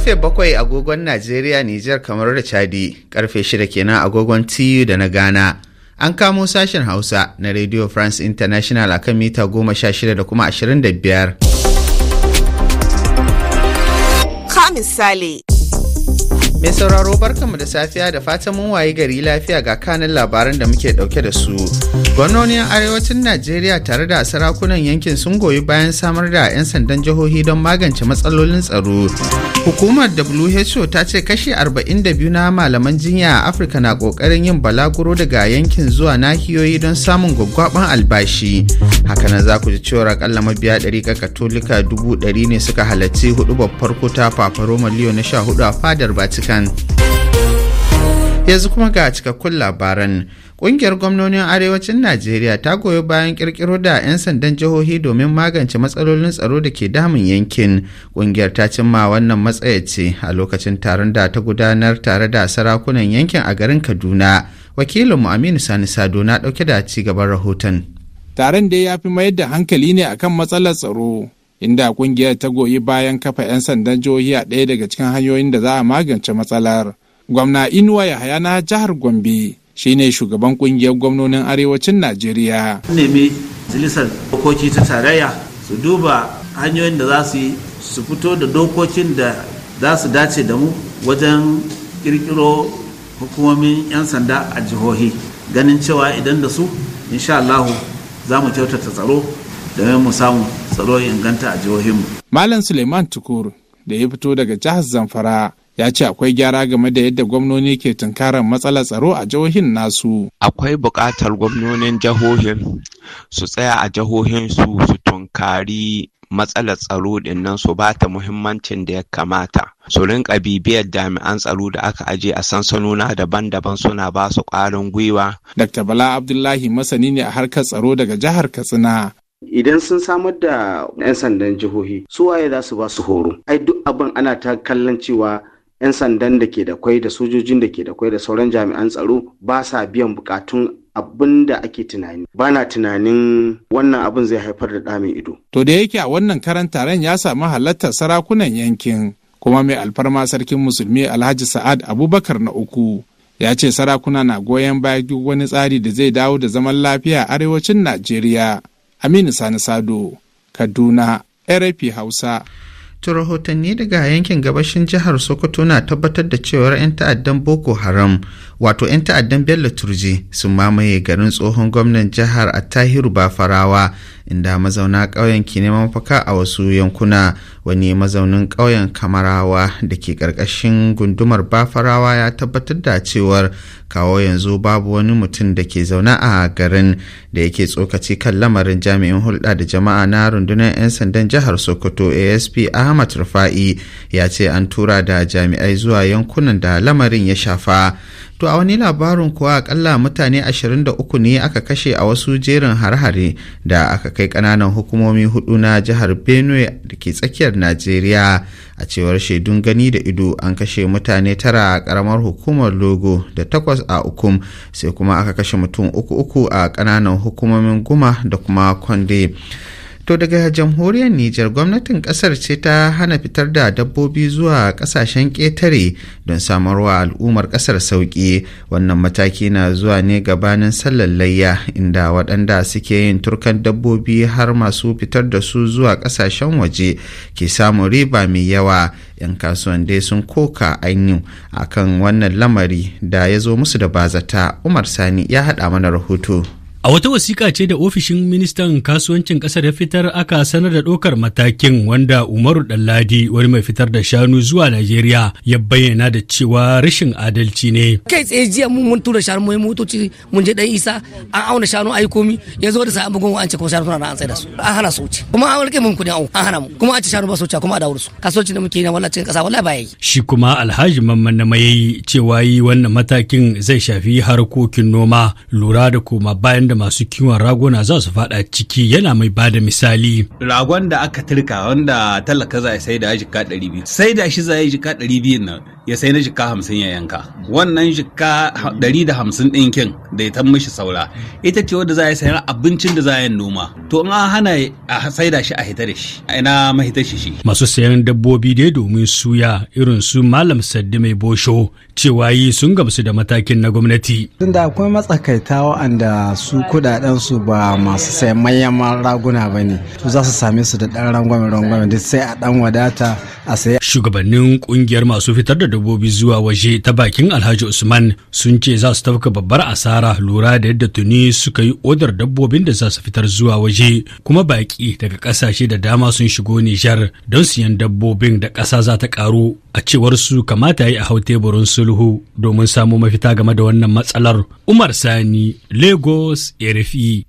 Karfe bakwai agogon Najeriya, Nijar kamar da Chadi, karfe shida kenan agogon TU da na Ghana. An kamo sashen Hausa na Radio France International a kan mita goma sha shida da kuma ashirin da biyar. Ka misali. Mai sauraro barkanmu da safiya da fatan mun waye gari lafiya ga kanin labaran da muke dauke da su. Gwamnonin arewacin Najeriya tare da sarakunan yankin sun goyi bayan samar da 'yan sandan jihohi don magance matsalolin tsaro. Hukumar WHO ta ce kashi 42 na malaman jinya a Afirka na kokarin yin balaguro daga yankin zuwa nahiyoyi don samun gwaggwaban albashi. Hakanan za ku ji cewar akalla mabiya ga Katolika dubu 100 ne suka halarci hudu babbar ta Papa Roma Leo na 14 a fadar Vatican. Yanzu kuma ga cikakkun labaran. Ƙungiyar gwamnonin Arewacin Najeriya ta goyi bayan ƙirƙiro da 'yan sandan jihohi domin magance matsalolin tsaro da ke damun yankin. Ƙungiyar ta cimma wannan matsayace a lokacin taron da ta gudanar tare da sarakunan yankin a garin Kaduna. Wakilinmu Aminu Sani Sado na ɗauke da ci gaban rahoton. Taron dai ya fi mayar da hankali ne akan matsalar tsaro. Inda ƙungiyar ta goyi bayan kafa 'yan sandan jihohi a ɗaya daga cikin hanyoyin da za a magance matsalar. Gwamna Inuwa Yahaya na jihar Gombe shine shugaban kungiyar gwamnonin arewacin najeriya An nemi zilisar dokoki ta tarayya su duba hanyoyin da za su yi su fito da dokokin da za su dace da mu wajen kirkiro hukumomin 'yan sanda a jihohi ganin cewa idan da su insha Allah za mu kyautata tsaro domin mu samu tsaro inganta a jihohinmu. Malam Suleiman Tukur da ya fito daga jihar Zamfara ya ce akwai gyara game da yadda gwamnoni ke tunkarar matsalar tsaro a jihohin nasu. Akwai buƙatar gwamnonin jihohin su tsaya a jihohin su su tunkari matsalar tsaro dinnan su ba ta muhimmancin da ya kamata. Su rinka bibiyar jami'an tsaro da aka aje a sansanona daban-daban suna ba su ƙwarin gwiwa. Dr. Bala Abdullahi masani ne a harkar tsaro daga jihar Katsina. idan sun samar da 'yan sandan jihohi su waye za su ba su horo ai duk abin ana ta kallon cewa 'yan sandan da ke da kwai da sojojin da ke da kwai da sauran jami'an tsaro ba sa biyan bukatun abin da ake tunani ba na tunanin wannan abin zai haifar da ɗamin ido. To da yake a wannan karan taron ya samu halartar sarakunan yankin kuma mai alfarma sarkin musulmi alhaji sa'ad abubakar na uku ya ce sarakuna na goyon baya wani tsari da zai dawo da zaman lafiya a arewacin najeriya aminu sani sado kaduna rfi hausa To rahotanni daga yankin gabashin jihar Sokoto na tabbatar da cewar 'yan ta'addan Boko Haram wato 'yan ta'addan bello turji sun mamaye garin tsohon gwamnan jihar attahiru bafarawa inda mazauna ƙauyen ke neman mafaka a wasu yankuna wani mazaunin ƙauyen kamarawa da ke ƙarƙashin gundumar bafarawa ya tabbatar da cewar kawo yanzu babu wani mutum da ke zaune a garin da yake tsokaci kan lamarin jami'in hulɗa da jama'a na rundunar 'yan sandan jihar sokoto asp ahmad rufa'i ya ce an tura da jami'ai zuwa yankunan da lamarin ya shafa To a wani labarin kuwa akalla mutane 23 ne aka kashe a wasu jerin har-hare da aka kai kananan hukumomi hudu na jihar Benue da ke tsakiyar Najeriya a cewar shaidun gani da ido an kashe mutane tara a karamar hukumar Logo da takwas a Ukum sai kuma aka kashe mutum uku uku a kananan hukumomin Guma da kuma kwande. To daga jamhuriyar Nijar gwamnatin kasar ce ta hana fitar da dabbobi zuwa kasashen ƙetare don samarwa al'ummar kasar sauƙi. Wannan mataki na zuwa ne gabanin sallar layya inda waɗanda suke yin turkan dabbobi har masu fitar da su zuwa kasashen waje ke samun riba mai yawa. 'Yan kasuwan sun koka anyu a kan wannan lamari da ya zo musu da bazata. Umar Sani ya haɗa mana rahoto. A wata wasiƙa ce da ofishin ministan kasuwancin ƙasar ya fitar aka sanar da ɗaukar matakin wanda Umaru Ɗanladi wani mai fitar da shanu zuwa Najeriya ya bayyana da cewa rashin adalci ne. Kai tsaye jiya mun mun tura shanu mai motoci mun je ɗan Isa an auna shanu ayi komi ya zo da sa'an bugun an ce kuma shanu suna an tsaye da su an hana su wuce kuma an rike mun kuɗin au an hana mu kuma an ce shanu ba su wuce kuma a dawo su kasuwancin da muke yi na wannan cikin ƙasa wallahi ba yi. Shi kuma Alhaji Mamman na mayayi cewa yi wannan matakin zai shafi harkokin noma lura da kuma bayan da masu kiwon raguna za su fada ciki yana mai ba da misali. Ragon da aka turka wanda talaka za a sai da jika ɗari biyu. Sai da shi za a yi jika ɗari biyu nan ya sai na jika hamsin ya yanka. Wannan jika ɗari da hamsin ɗinkin da ya mishi saura. Ita ce wanda za a yi sayar abincin da za a yi noma. To in an hana a sai da shi a hita da shi. Ina mahita shi shi. Masu sayan dabbobi dai domin suya irin su Malam Saddi mai Bosho cewa yi sun gamsu da matakin na gwamnati. Tunda akwai matsakaita wa'anda su su kudaden su ba masu sayan manyan raguna ba ne to za su same su da dan rangwame rangwame duk sai a dan wadata a saya shugabannin kungiyar masu fitar da dabbobi zuwa waje ta bakin Alhaji Usman sun ce za su tafka babbar asara lura da yadda tuni suka yi odar dabbobin da za su fitar zuwa waje kuma baki daga kasashe da dama sun shigo Nijar don siyan dabbobin da kasa za ta karu. a cewar su kamata yi a hau teburin sulhu domin samu mafita game da wannan matsalar umar sani lagos rfi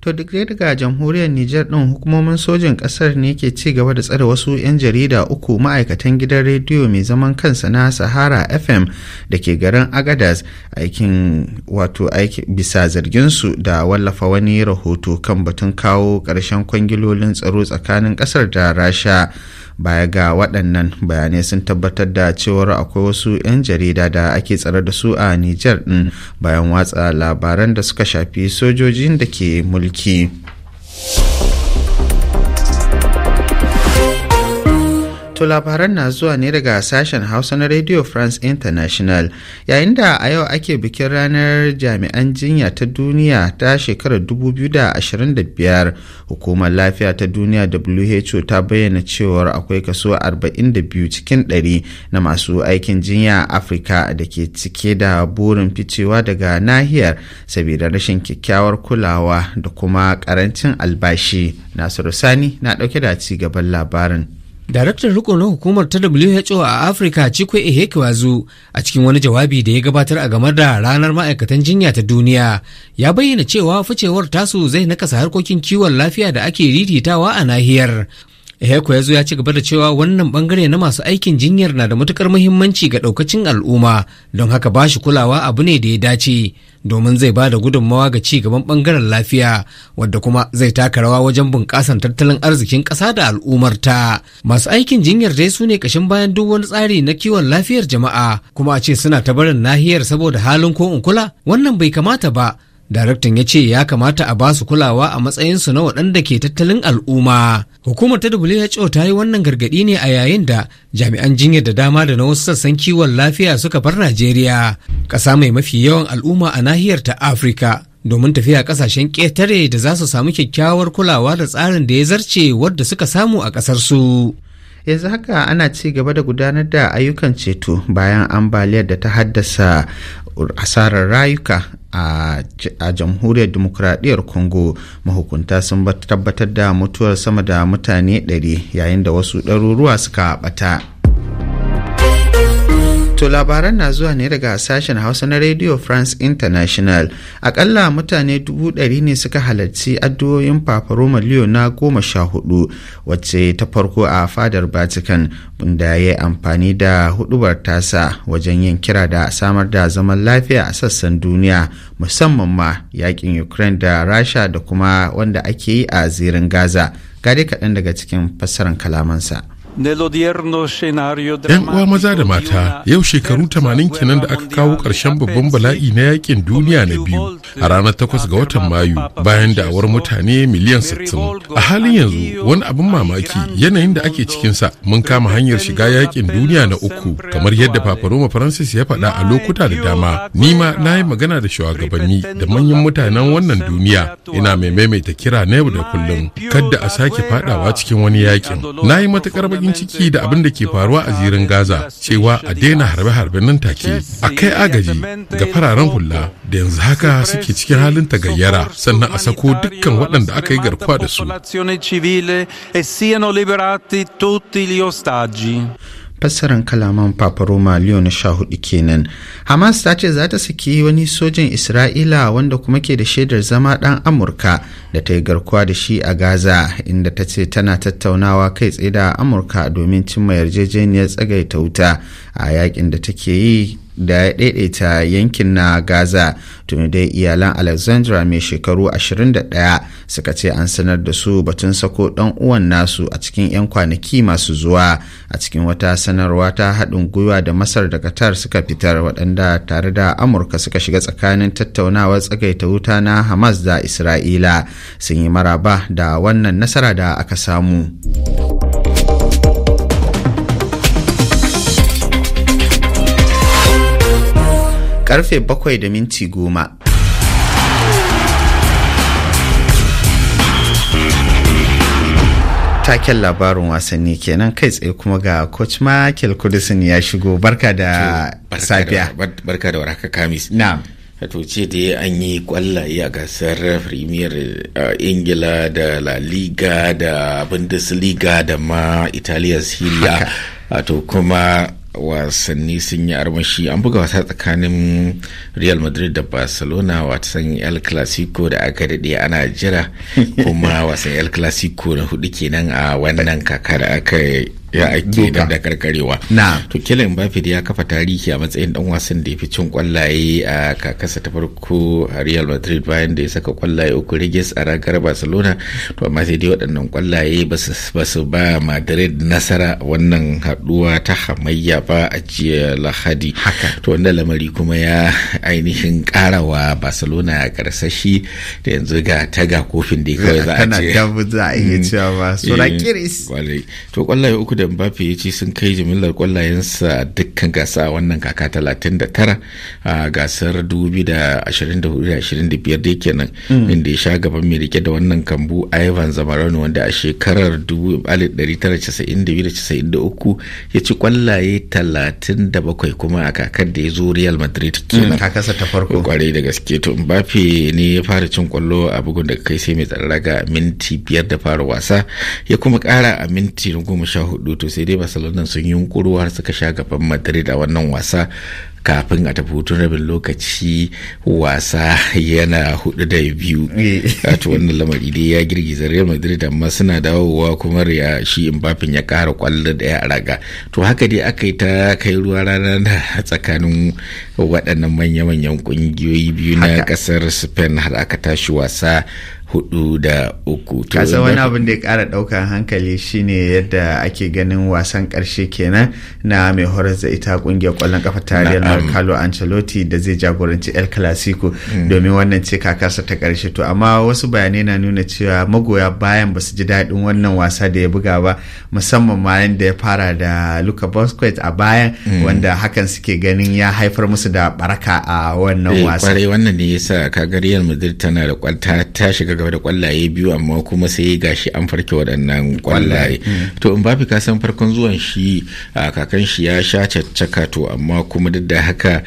to duk dai daga jamhuriyar niger din hukumomin sojin kasar ne ke ci gaba da tsare wasu 'yan jarida uku ma'aikatan gidan rediyo mai zaman kansa na sahara fm da ke garin agadas aikin wato aiki bisa zarginsu da wallafa wani rahoto kan batun kawo ƙarshen kwangilolin tsaro tsakanin ƙasar da rasha baya ga waɗannan bayanai sun tabbatar da cewar akwai wasu 'yan jarida da ake tsare da su a nijar ɗin bayan watsa labaran da suka shafi sojojin da ke mulki. To labaran na zuwa ne daga sashen Hausa na Radio France International yayin da a yau ake bikin ranar jami'an jinya ta duniya ta shekarar 2025 hukumar lafiya ta duniya WHO ta bayyana cewar akwai kaso 42 cikin 100 na masu aikin jinya a Afirka da ke cike da burin ficewa daga nahiyar saboda rashin kyakkyawar kulawa da kuma karancin albashi. Nasiru Sani na ɗauke da ci gaban labarin. Daraktan riko na hukumar ta WHO a Afirka Chikwe Ehekwazu a cikin wani jawabi da ya gabatar a game da ranar ma'aikatan jinya ta duniya ya bayyana cewa ficewar tasu zai nakasa harkokin kiwon lafiya da ake riritawa a nahiyar. Ehekwazu ya ci gaba da cewa wannan bangare na masu aikin jinyar na da matukar muhimmanci ga ɗaukacin al'umma don haka bashi kulawa abu ne da ya dace. domin zai ba da gudunmawa ga ci gaban bangaren lafiya wadda kuma zai taka rawa wajen bunƙasan tattalin arzikin ƙasa da al'ummarta masu aikin jinyar dai su ne ƙashin bayan duk wani tsari na kiwon lafiyar jama'a kuma a ce suna ta barin nahiyar saboda halin ko in kula wannan bai kamata ba daraktan ya ce ya kamata a basu kulawa a matsayinsu na waɗanda ke tattalin al'umma hukumar ta who ta yi wannan gargaɗi ne a yayin da jami'an jinya da dama da na wasu sassan kiwon lafiya suka bar najeriya ƙasa mai mafi yawan al'umma a nahiyar ta afirka domin tafiya ƙasashen ƙetare da za su samu kyakkyawar kulawa da tsarin da ya zarce wadda suka samu a ƙasarsu yanzu haka ana ci gaba da gudanar da ayyukan ceto bayan ambaliyar da ta haddasa asarar rayuka a jamhuriyar demokuraɗiyyar congo mahukunta sun tabbatar da mutuwar sama da mutane 100 yayin da wasu ɗaruruwa suka ɓata. To labaran na zuwa ne daga sashen Hausa na Radio France International. Akalla mutane dubu ɗari ne suka halarci addu'o'in Papa Roma na goma sha hudu wacce ta farko a fadar Vatican bunda ya amfani da hudubar tasa wajen yin kira da samar da zaman lafiya a sassan duniya musamman ma yakin Ukraine da Rasha da kuma wanda ake yi a zirin Gaza. Gade kaɗan daga cikin fassarar kalamansa. 'Yan uwa maza da mata yau shekaru tamanin kenan da aka kawo ƙarshen babban bala'i na yakin duniya na biyu a ranar takwas ga watan Mayu bayan da awar mutane miliyan sittin, A halin yanzu wani abin mamaki yanayin da ake cikinsa mun kama hanyar shiga yakin duniya na uku kamar yadda Paparoma Francis ya faɗa a lokuta da dama. Ni ma na yi magana da shugabanni da manyan mutanen wannan duniya ina mai maimaita kira na yau da kullum kadda a sake faɗawa cikin wani yakin. Na yi matuƙar baƙin farin ciki da abin da ke faruwa a jirin gaza cewa a daina harbe harbe nan take a kai agaji ga fararen hula da yanzu haka suke cikin halin tagayyara sannan a sako dukkan waɗanda aka yi garkuwa da su fassarar kalaman faforoma na sha hudu kenan hamas ta ce za ta saki wani sojin isra'ila wanda kuma ke da shaidar zama dan amurka da ta yi garkuwa da shi a gaza inda ta ce tana tattaunawa kai tsaye da amurka domin cimma yarjejeniyar tsagaita wuta a yakin da take yi da ya daidaita yankin na gaza tuni dai iyalan alexandra mai shekaru 21 suka ce an sanar da su batun sako dan uwan nasu a cikin 'yan kwanaki masu zuwa a cikin wata sanarwa ta haɗin gwiwa da masar da qatar suka fitar waɗanda tare da amurka suka shiga tsakanin tattaunawar tsagaita wuta na hamas da isra'ila sun yi maraba da wannan nasara da aka samu. karfe bakwai da minti taken labarin wasanni kenan kai tsaye kuma ga coach Michael Kudisin ya shigo barka da safiya barka da waraka kamis na'am to ce da an yi kwallaye a gasar premier uh, ingila da la liga da bundesliga da ma italiya syria to kuma wasanni sun yi armashi an buga wasa tsakanin real madrid da barcelona wasan el clasico da aka daɗe ana jira kuma wasan el clasico na hudu kenan a wannan kaka da aka ya ake nan da karkarewa to kylian mbappe ya kafa tarihi a matsayin dan wasan da ya fi cin kwallaye a kakasa ta farko a real madrid bayan da ya saka kwallaye uku riges a ragar barcelona to amma sai dai waɗannan kwallaye ba su ba madrid nasara wannan haɗuwa ta hamayya ba a jiya lahadi to wanda lamari kuma ya ainihin karawa barcelona a karsashi da yanzu ga taga kofin da kawai za a mm. ce mm. to kwallaye uku da Mbappe ya ce sun kai jimillar kwallayensa dukkan gasa a wannan kaka 39 a gasar 2024-2025 da yake nan mm. inda ya sha gaban mai rike da wannan kambu Ivan Zamarano wanda a shekarar 1992-93 ya ci kwallaye 37 kuma a kakar da ya zo Real Madrid kenan. Mm. Kakasa ta farko. Kwarai da gaske to Mbappe ne ya fara cin kwallo a bugun da kai sai mai tsarraga minti biyar da fara wasa ya kuma kara a minti goma sha hudu hudu to sai dai barcelona sun yi yunkuru har suka sha gaban madrid a wannan wasa kafin a tafi hutun rabin lokaci wasa yana hudu da biyu eh. to wannan lamari dai ya girgiza real madrid amma suna dawowa kuma ya shi bafin ya kara kwallo da ya raga to haka dai aka yi ta kai ruwa rana na tsakanin waɗannan manya-manyan ƙungiyoyi biyu na ƙasar spain har aka tashi wasa hudu da uku kasa wani abin da ya kara daukan hankali shine yadda ake ganin wasan karshe kenan na mai horar da ita kungiyar kwallon kafa tarayyar marcalo ancelotti da zai jagoranci el clasico mm. domin wannan ce kakarsa ta karshe to amma wasu bayanai na nuna cewa magoya bayan ba su ji daɗin wannan wasa da ya buga ba musamman ma da ya fara da luka bosquet a bayan mm. wanda hakan suke ganin ya haifar musu da baraka a wannan eh, wasa. wannan ne yasa kaga real madrid tana da kwalta ta shiga gaba da kwallaye biyu amma kuma sai gashi an farke waɗannan kwallaye hmm. to in bafi kasan farkon zuwan shi kakan shi ya sha caccaka to amma kuma duk da haka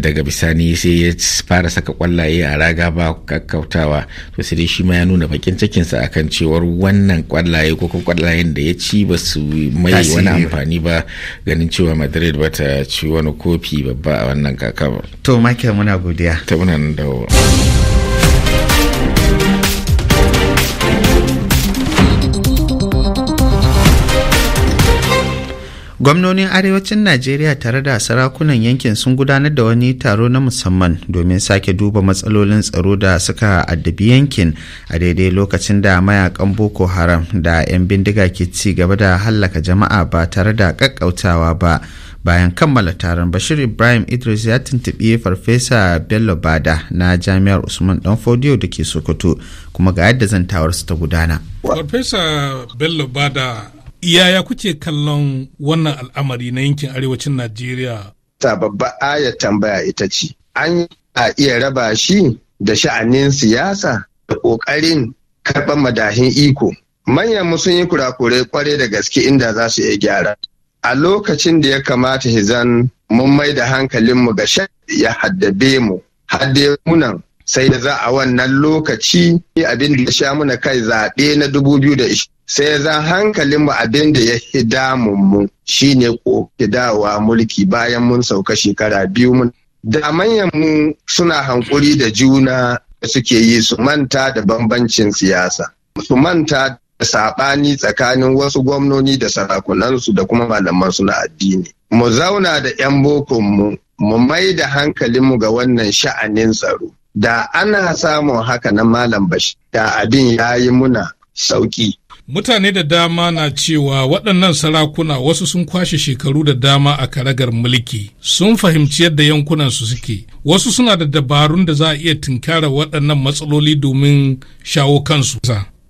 daga bisani sai ya fara saka kwallaye a raga ba kakkautawa to sai dai shi ma ya nuna bakin cikinsa akan cewar wannan kwallaye ko kwallayen da ya ci ba su mai wani amfani ba ganin cewa madrid ba ta ci wani kofi babba a wannan kaka ba to michael muna godiya ta muna nan dawo gwamnonin arewacin najeriya tare da sarakunan yankin sun gudanar da wani taro na musamman domin sake duba matsalolin tsaro da suka addabi yankin a daidai lokacin da mayakan boko haram da 'yan bindiga ke ci gaba da hallaka jama'a ba tare da kakkautawa ba bayan kammala taron bashir ibrahim idris ya tuntuɓi farfesa bello bada na jami'ar usman dan fodiyo da ke sokoto kuma ga yadda zantawar su ta gudana farfesa bello bada Yaya kuke kallon wannan al'amari na yankin arewacin Najeriya? Ta babba aya tambaya ita ce, an a iya raba shi da sha'anin siyasa da ƙoƙarin karɓar madahin iko. Manyan sun yi kurakurai kwarai da gaske inda za su iya gyara. A lokacin da ya kamata hizan mun mai da hankalinmu ga sha ya haddabe mu, hadde munan sai da za a wannan lokaci abin da ya sha muna kai zaɓe na 2020. sai zan hankalin mu abin da ya hida mu shine ko hidawa mulki bayan mun sauka shekara biyu mun da manyan mu suna hankuri da juna da suke yi su manta da bambancin siyasa su manta da saɓani tsakanin wasu gwamnoni da sarakunansu da kuma malaman na addini mu zauna da 'yan bokonmu mu mai da hankalinmu ga wannan sha'anin tsaro da ana samun haka na malam bashi da abin ya yi muna sauki Mutane da dama na cewa waɗannan sarakuna wasu sun kwashe shekaru da dama a karagar mulki, sun fahimci yadda yankunansu suke, wasu suna da dabarun da za a iya tunkara waɗannan matsaloli domin shawo kansu.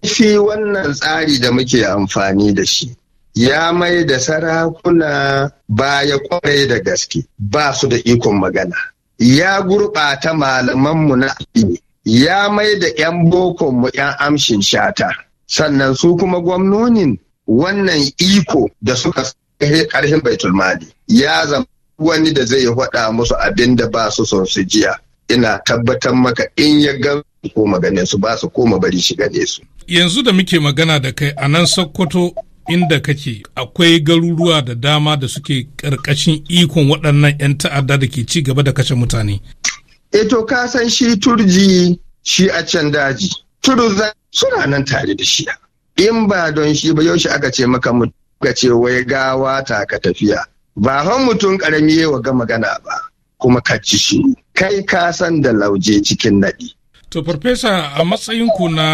Shi wannan tsari da muke amfani da shi, ya mai da sarakuna baya kwarai da gaske, ba su da ikon magana. Ya gurɓata malamanmu na addini, ya mai da 'yan bokonmu 'yan amshin shata. sannan su kuma gwamnonin wannan iko da suka karhin baitul mali ya zama wani da zai faɗa musu abin da ba su son su jiya ina tabbatar maka in ya ga ko maganin su ba su koma bari shi gane su yanzu da muke magana da kai a nan sokoto inda kake akwai garuruwa da dama da suke karkashin ikon waɗannan 'yan ta'adda da ke ci gaba da kashe mutane. Eto ka san shi turji shi a can daji za suna nan tare da shi in ba don shi ba yaushe aka ce maka ga ce wai gawa ta ka tafiya ba han mutum karami yawa ga magana ba kuma ka ci shi kai ka san da lauje cikin nadi. to farfesa a matsayinku na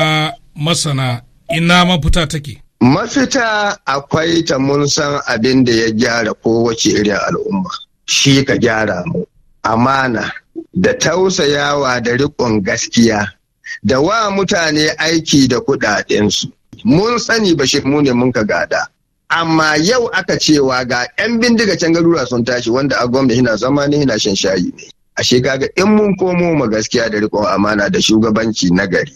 masana ina mafita take mafita akwai ta mun san abin da ya gyara kowace irin al'umma shi ka gyara mu amana da tausayawa da riƙon gaskiya da wa mutane aiki da kuɗaɗensu. Mun sani bashir mu ne mun ka gada. Amma yau aka cewa ga 'yan bindiga can garura sun tashi wanda a gwamna hina zama ne hina shan shayi ne. A shekaga in mun komo mu gaskiya da riƙon amana da shugabanci na gari.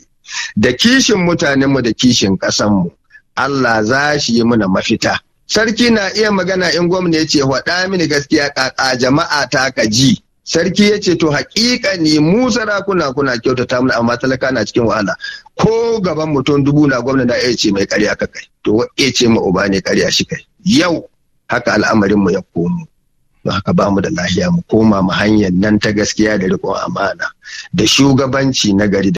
Da kishin mutanenmu da kishin ƙasanmu. Allah za shi yi muna mafita. Sarki na iya magana in gwamna ya ce, faɗa mini gaskiya ƙaƙa jama'a ta ka ji. sarki ya ce to hakika ne mu sarakuna kuna kyautata mana amma talaka na cikin wahala ko gaban mutum dubu na gwamna da ya ce mai karya ka kai to wa ya ce ma uba ne karya shi kai yau haka al'amarin mu ya komo don haka ba mu da lahiya mu koma mu hanyar nan ta gaskiya da rikon amana da shugabanci na gari